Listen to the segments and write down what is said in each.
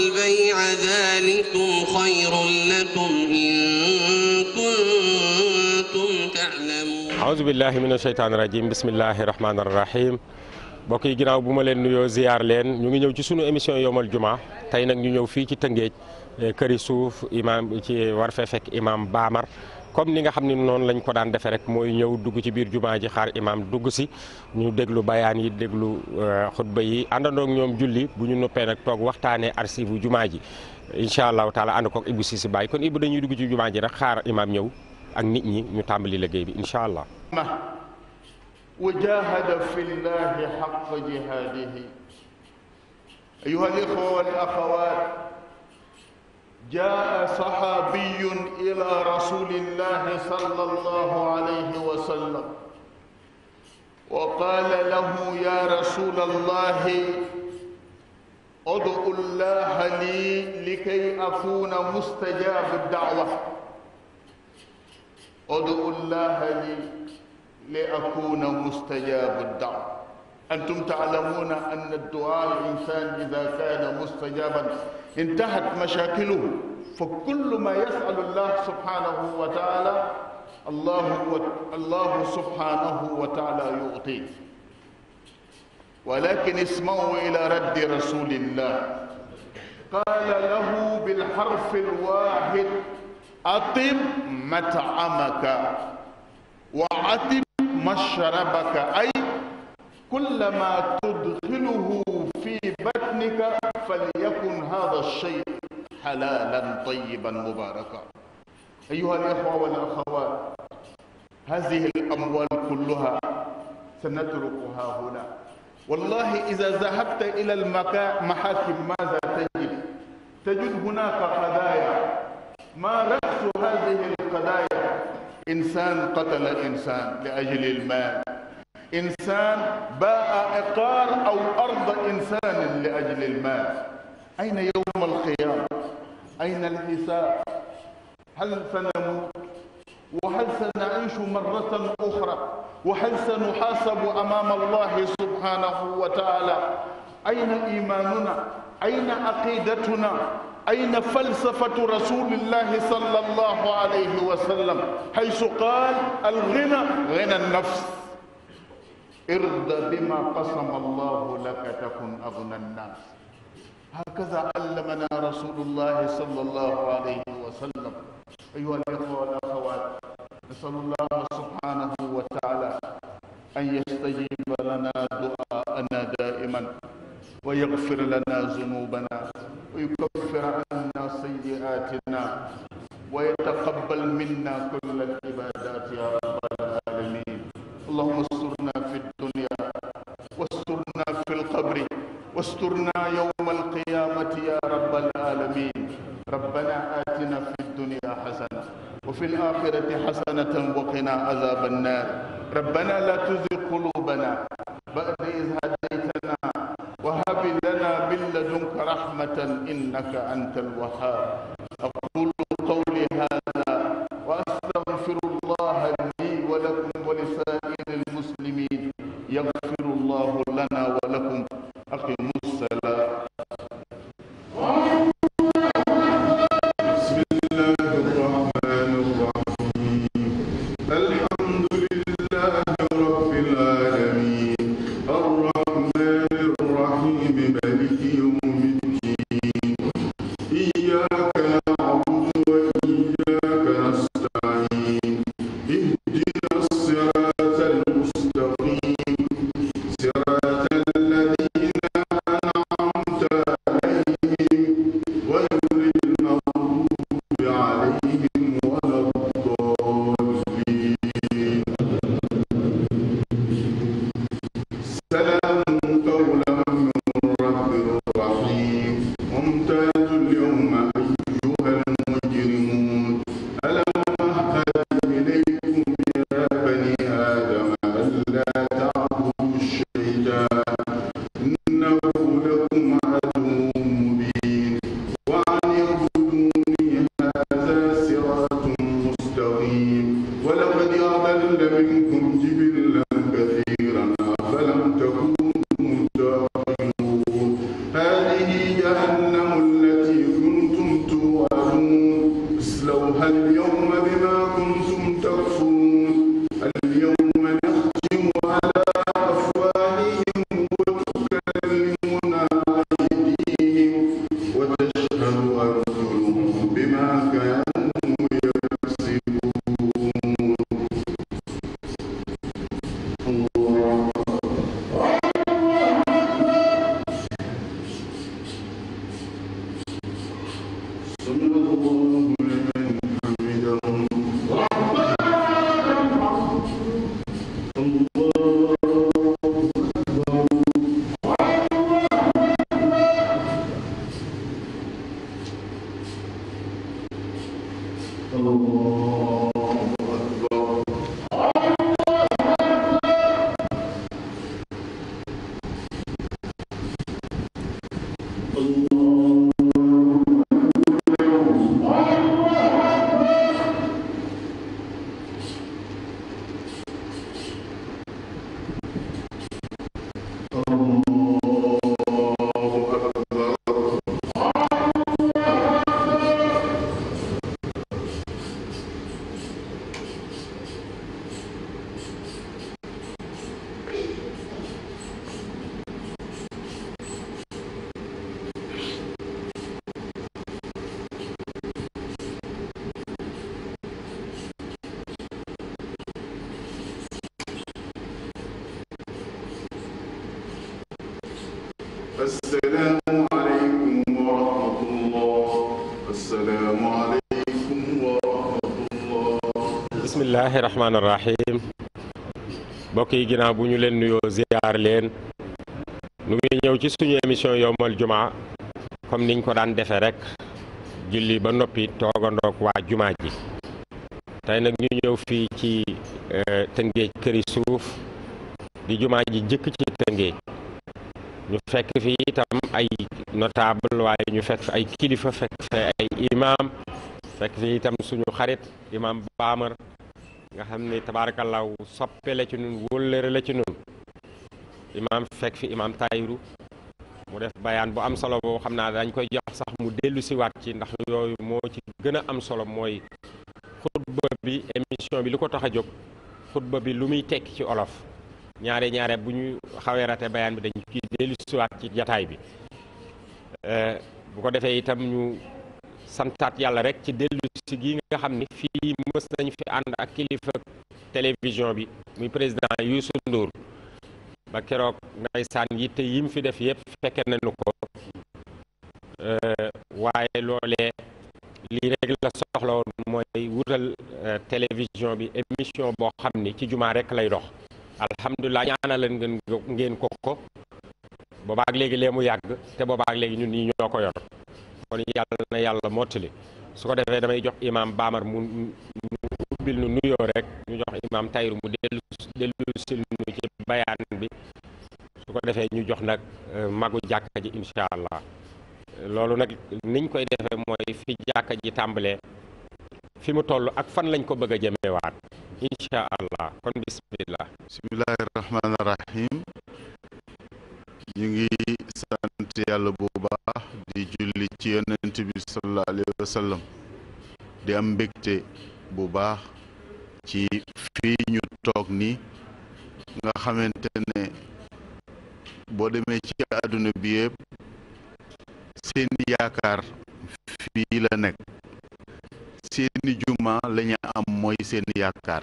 البيع ذلكم خير لكم إن كنتم تعلمون أعوذ بالله من الشيطان الرجيم بسم الله الرحمن الرحيم mbokk yi ginnaaw bu ma leen nuyoo ziar leen ñu ngi ñëw ci sunu émission yomal juma tey nag ñu ñëw fii ci Tëngéej eh, këri suuf imam ci war fee fekk imam Baamar comme ni nga xam ne noonu lañ ko daan defee rek mooy ñëw dugg ci biir jumaa ji xaar imaam dugg si ñu déglu bayaan yi déglu euh, xutba yi àndandook ñoom julli bu ñu noppee nag toog waxtaanee archive jumaa ji incha allahu taala ànd koog Ibou si Baye kon Ibou dañuy dugg ci jumaa ji rek xaar imaam ñëw ak nit ñi ñu tàmbali liggéey bi incha allah. wa fi llahi haqqa jihadihi ayyuha al-ikhwa wal akhawat جاء صحابي إلى رسول الله صلى الله عليه وسلم وقال له يا رسول الله ادعو الله لي لكي أكون مستجاب الدعوة ادعو الله لي لأكون مستجاب الدعوة أنتم تعلمون أن الدعاء الإنسان إذا كان مستجابا انتهت مشاكله فكل ما يسأل الله سبحانه وتعالى الله الله سبحانه وتعالى يعطيه ولكن اسمعوا إلى رد رسول الله قال له بالحرف الواحد أطب مطعمك وأطب مشربك أي kullama tudxiluhu fi batnika falyakun hada alshay xalalan tayiban mubaraka ayuha alixwa walaxawat hadihi alamwal kulluha sanatrukuha huna wallahi ida dahabta ila almaxakim maza tajid tajid hunaka qadaya ma rasu hadihi alqadaya insan qatala insan li ajli almal إنسان باع عقار أو أرض إنسان لأجل المال أين يوم القيامة أين الحساب هل سنموت وهل سنعيش مرة أخرى وهل سنحاسب أمام الله سبحانه وتعالى أين إيماننا أين عقيدتنا أين فلسفة رسول الله صلى الله عليه وسلم حيث قال الغنى غنى النفس irda bima qasama allahu laka takun agna annas hakaza allamana rasulullahi sallallahu alayhi wa sallam أيها الإخوة والأخوات نسأل الله سبحانه وتعالى أن يستجيب لنا دعاءنا دائما ويغفر لنا ذنوبنا ويكفر عنا سيئاتنا ويتقبل منا كل العبادات يا رب العالمين اللهم الوهاب عدد منكم جبلا bismillahi rahmaani rahim mbokk yi ginnaaw bu ñu leen nuyoo ziyaar leen nu ngi ñëw ci suñu émission yowmal juma comme niñ ko daan defee rek julli ba noppi toogandoog waa juma ji tey nag ñu ñëw fii ci eh, tëngéej këri suuf di jumaa ji jëkk ci tëngéej ñu fekk fi itam ay notable waaye ñu fekk fi ay kilifa fekk fi ay imam fekk fi itam suñu xarit imam baamar nga xam ni tabaarakallaahu soppe la ci nun wóllëre la ci nun imam fekk fi imam tayiru mu def bayaan bu am solo boo xam naa dañ koy jox sax mu dellu si waat ci ndax yooyu moo ci gën a am solo mooy xutba bi émission bi lu ko tax a jóg xutba bi lu muy tekki ci olof ñaare ñaare bu ñu xawee rate bayaan bi dañ ci dellu siwaat ci jataay bi euh, bu ko defee itam ñu santaat yàlla rek ci dellu si gi nga xam ni fii mës nañ fi ànd ak kilifa télévision bi muy président Youssou Ndour ba keroog ndeysaan yitte mu fi def yëpp fekke nañu ko euh, waaye loolee lii rek la soxla woon mooy wutal euh, télévision bi émission boo xam ni ci jumaa rek lay dox alhamdulilah ñaanal ngeen ngeen ko ko boobaak léegi lee mu yàgg te boobaak léegi ñun ñi ñoo ko yor kon yàlla na yàlla mottali su ko defee damay jox imaam baamar mu ubbil nu nuyoo rek ñu jox imaam tayru mu dellu dellu sil nu ci bayaan bi su ko defee ñu jox nag euh, magu jàkka ji incha allah loolu nag niñ koy defee mooy fi jàkka ji tàmbalee fi mu toll ak fan lañ ko bëgg a jëmewaat incha allah rahim ñu ngi sant yàlla bu baax di julli ci yonent bi sallallahu alayhi wa sallam di am mbégte bu baax ci fii ñu toog ni nga xamante ne boo demee ci àdduna bi yépp seen yaakaar fii la nekk seeni juma la ñu am mooy seeni yaakaar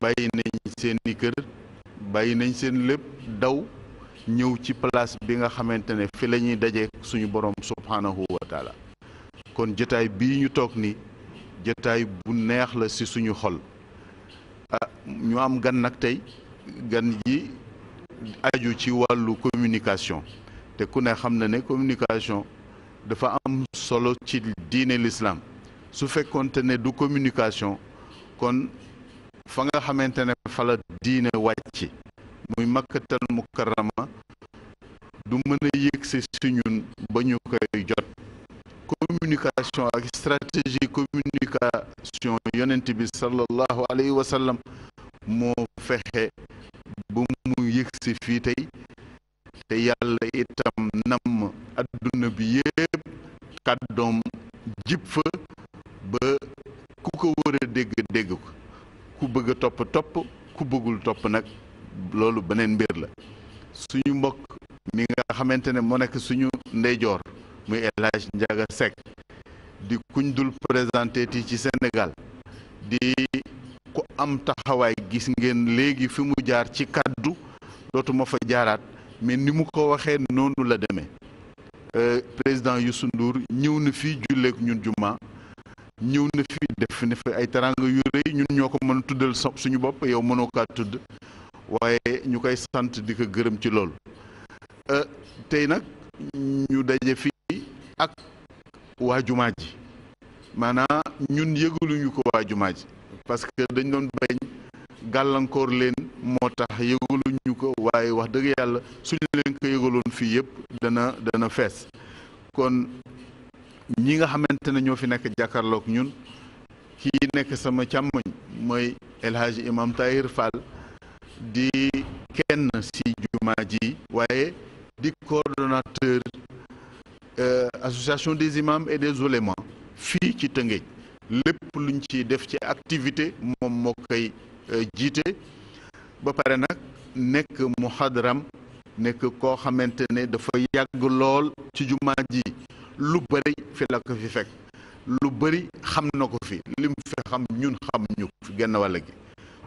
bàyyi nañ seeni kër bàyyi nañ seen lépp daw ñëw ci place bi nga xamante ne fi la ñuy dajee suñu borom subhanahu wa taala kon jotaay bii ñu toog ni jotaay bu neex la ci suñu xol ah ñu am gan nag tey gan ji aju ci wàllu communication te ku ne xam na ne communication dafa am solo ci diine lislaam su fekkoonte ne du communication kon fa nga xamante ne fa la diine wàcc muy makkatal mukarrama du mën a yëgse si ñun ba ñu koy jot communication ak stratégie communication yonent bi sallallahu alayhi wa moo fexe ba mu yëgsi fii tey te yàlla itam namm adduna bi yépp kàddoom jib fa ba ku ko war a dégg dégg ko ku bëgg a topp topp ku bëggul topp nag loolu beneen mbir la suñu mbokk mi nga xamante ne moo nekk suñu ndeyjoor muy El Hadj Ndiaga Seck di kuñ dul présenté ti ci Sénégal di ku am taxawaay gis ngeen léegi fi mu jaar ci kàddu dootuma fa jaaraat mais ni mu ko waxee noonu la demee euh, président yu Ndour ñëw na fii julleek ñun juma ñëw na fi def ne fi ay teranga yu rëy ñun ñoo ko mën a tuddal suñu bopp yow mënoo kaa tudd waaye ñu koy sant di ko gërëm ci loolu euh, tey nag ñu daje fii ak waa jumaa ji maanaam ñun yëgaluñu ko waa jumaa ji parce que dañ doon bañ gàllankoor leen moo tax yëgaluñu ko waaye wax dëgg yàlla suñu leen ko yëgaloon fii yëpp dana dana fees kon ñi nga xamante ne ñoo fi nekk jàkkarlook ñun kii nekk sama càmmoñ mooy El Hadji Imam Tahir Fall di kenn ci juma ji waaye di coordonnateur euh, association des imams et des oulémas fii ci Tëngéej lépp luñ ci def ci activité moom moo koy euh, jiite ba pare nag nekk mu muxadram nekk koo xamante ne dafa yàgg lool ci juma ji lu bëri fi la ko fi fekk lu bëri xam na ko fi lim fi xam ñun xam ñu fi genn walla gi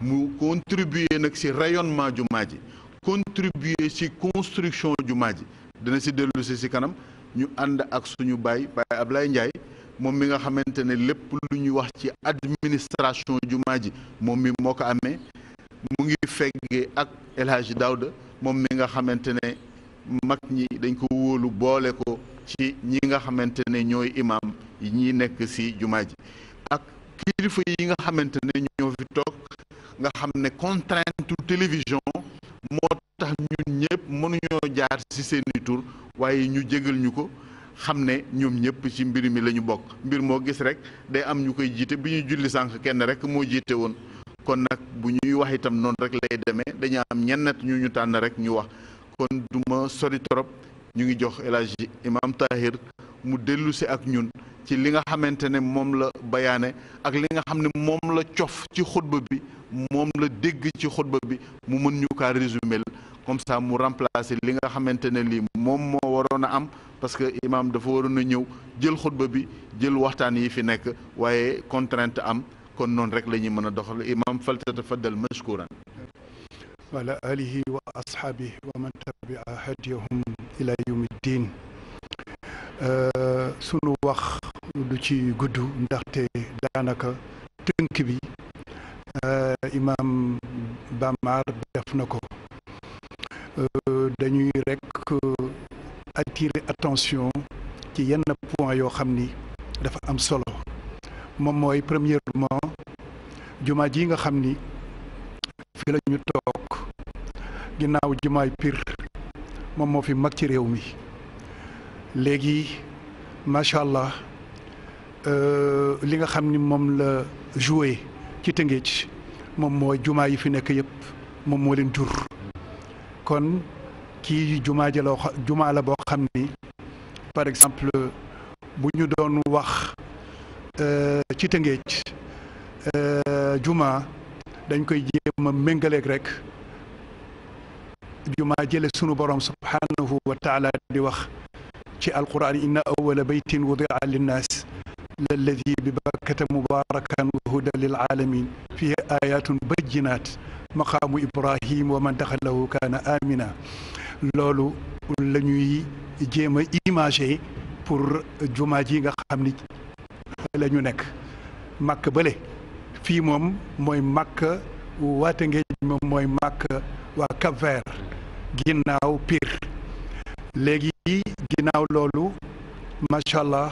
mu contribuer nag ci rayonnement jumaa ji contribuer ci construction jumaa ji dina ci dellu si ci kanam ñu ànd ak suñu baay baay lay Ndiaye moom mi nga xamante ne lépp lu ñu wax ci administration jumaa ji moom mi moo ko amee mu ngi feggee ak El Hadji Daouda moom mi nga xamante ne mag ñi dañ ko wóolu boole ko ci ñi nga xamante ne ñooy imaam yi ñi nekk ci jumaa ji ak kilifa yi nga xamante ne ñoo fi toog nga xam ne contrainte télévision moo tax ñun ñëpp mënuñoo jaar ci seeni tur waaye ñu jégal ñu ko xam ne ñoom ñëpp ci mbir mi la ñu bokk mbir moo gis rek day am ñu koy jiite bi ñu julli sànq kenn rek moo jiite woon kon nag bu ñuy wax itam noonu rek lay demee dañu am ñennat ñu ñu tànn rek ñu wax kon du ma sori torop ñu ngi jox El Hadji Imam Tahir mu dellusi ak ñun ci li nga xamante ne moom la bayaane ak li nga xam ne moom la cof ci xutba bi moom la dégg ci xutba bi mu mën ñu kaa résumer comme ça mu remplacer li nga xamante ne lii moom moo waroon a am parce que imam dafa waroon a ñëw jël xutba bi jël waxtaan yi fi nekk waaye contrainte am kon noonu rek la ñuy mën a doxal imam faltatafaddal mashkuran wa ala alihi wa asxaabihi wa man tabia hadiyahum ila yawmi diin sunu wax du ci gudd ndaxte daanaka tënk bi imaam Bamar def na ko euh, dañuy rekk euh, attirer attention ci yenn point yoo xam ni dafa am solo moom mooy premièrement jumaa ji nga xam ni fi la toog ginnaaw jumaay Pire moom moo fi mag ci réew mi léegi macha allah euh, li nga xam ni moom la joué ci Tëngéej moom mooy jumaa yi fi nekk yëpp moom moo leen jur kon kii jumaa ja la jumaa la boo xam ni par exemple bu ñu doon wax euh, ci Tëngéej euh, jumaa dañ koy jéem a méngaleeg rek ju ma jële sunu borom subhaanahu wa taala di wax ci alquran inna awala baytin wudia linnaas lalladi bi bakkata mubarakan wa huda lil alamin fihi ayatun bajjinaat maqaamu ibrahim wa man daxalahu kaana amina loolu la ñuy jéem a imagé pour jumaa ji nga xam ni la ñu nekk màkk bële fii moom mooy màkk waate ngeej moom mooy màkk waa Cap-Vert ginnaaw piir léegi ginnaaw loolu macha allah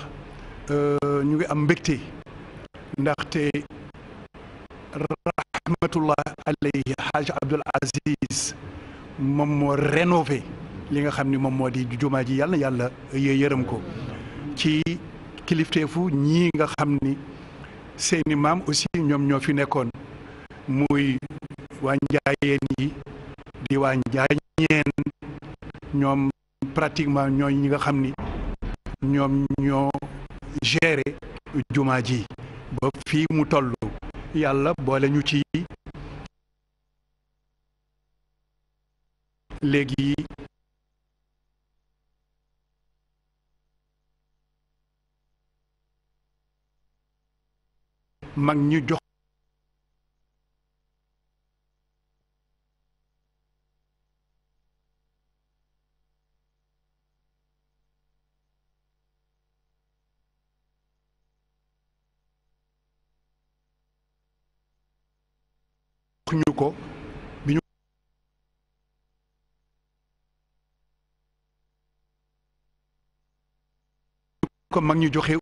euh, ñu ngi am mbégte ndaxte rahmatullah alayhi Haj Abdul Aziz moom moo rénové li nga xam ni moom moo di jumaa ji yàlla yàlla yërëm ko ci kilifteefu ñi nga xam ni seeni maam aussi ñoom ñoo fi nekkoon muy waa njaayeen yi diwaan Ndiaye ñeen ñoom pratiquement ñoo ñi nga xam ni ñoom ñoo gérer jumaa ji ba fii mu toll yàlla boole ñu ci léegi mag ñu jox ko bi ñu ko mag ñu joxe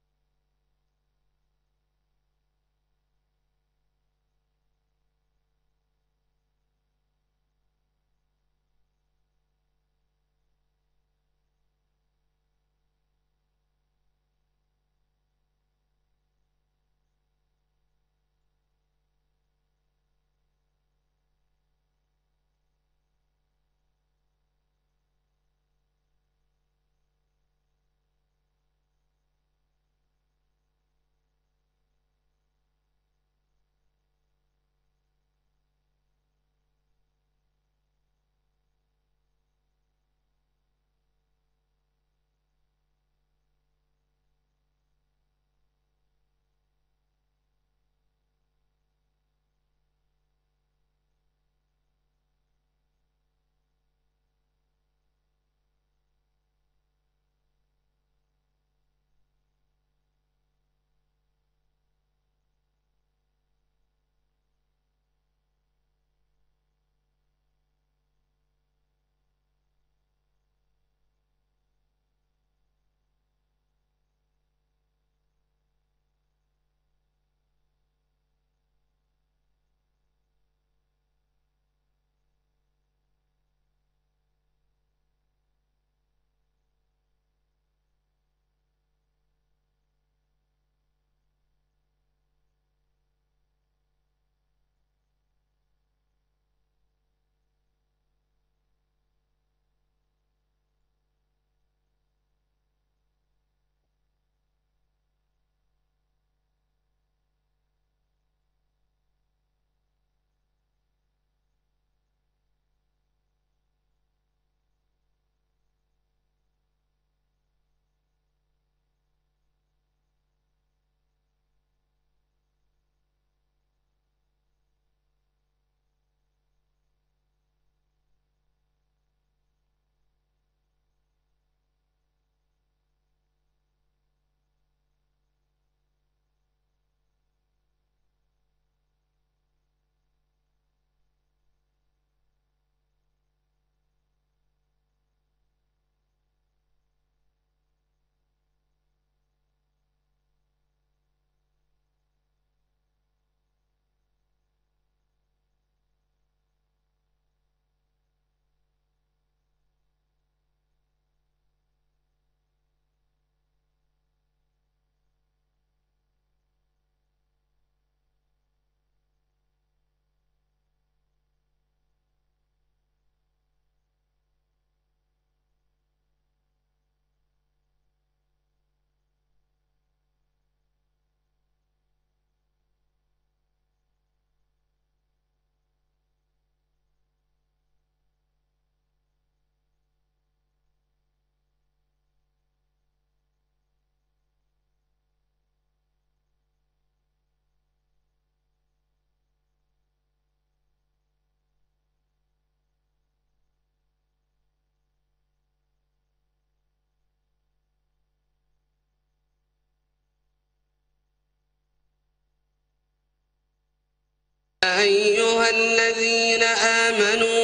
أيها الذين آمنوا